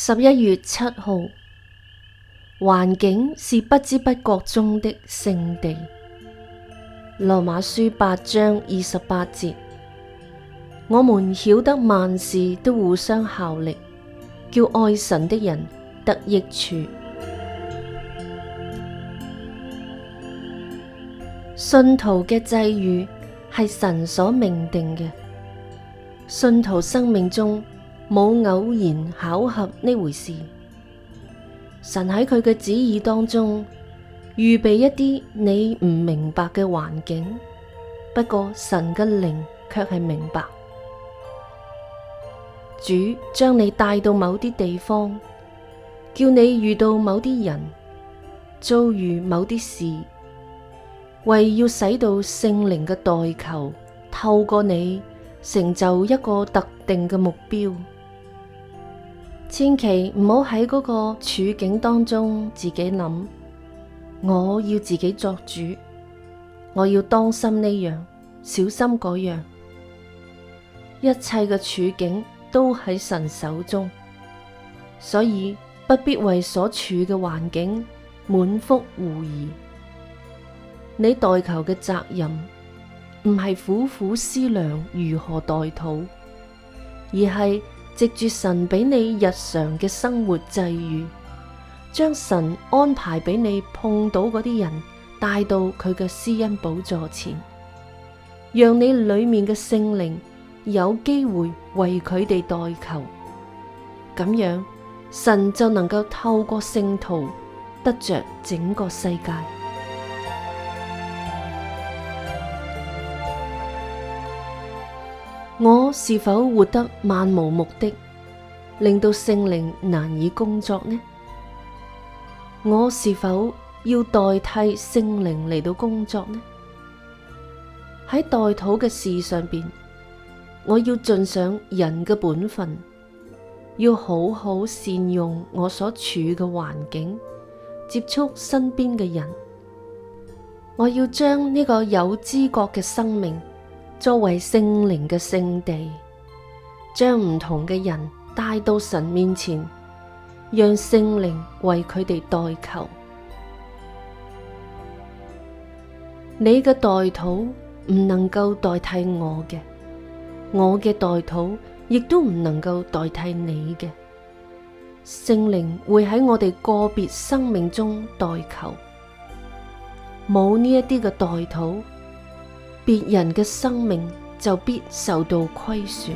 十一月七號，環境是不知不覺中的聖地。羅馬書八章二十八節，我們曉得萬事都互相效力，叫愛神的人得益處。信徒嘅際遇係神所命定嘅，信徒生命中。冇偶然巧合呢回事，神喺佢嘅旨意當中預備一啲你唔明白嘅環境，不過神嘅靈卻係明白，主將你帶到某啲地方，叫你遇到某啲人，遭遇某啲事，為要使到聖靈嘅代求透過你成就一個特定嘅目標。千祈唔好喺嗰個處境當中自己諗，我要自己作主，我要當心呢樣，小心嗰樣。一切嘅處境都喺神手中，所以不必為所處嘅環境滿腹狐疑。你代求嘅責任唔係苦苦思量如何代禱，而係，藉住神俾你日常嘅生活際遇，將神安排俾你碰到嗰啲人，帶到佢嘅施恩寶座前，讓你裏面嘅聖靈有機會為佢哋代求，咁樣神就能夠透過聖徒得着整個世界。我是否活得漫無目的，令到聖靈難以工作呢？我是否要代替聖靈嚟到工作呢？喺代土嘅事上邊，我要盡上人嘅本分，要好好善用我所處嘅環境，接觸身邊嘅人。我要將呢個有知覺嘅生命。作為聖靈嘅聖地，將唔同嘅人帶到神面前，讓聖靈為佢哋代求。你嘅代禱唔能夠代替我嘅，我嘅代禱亦都唔能夠代替你嘅。聖靈會喺我哋個別生命中代求，冇呢一啲嘅代禱，別人嘅生命就必受到虧損。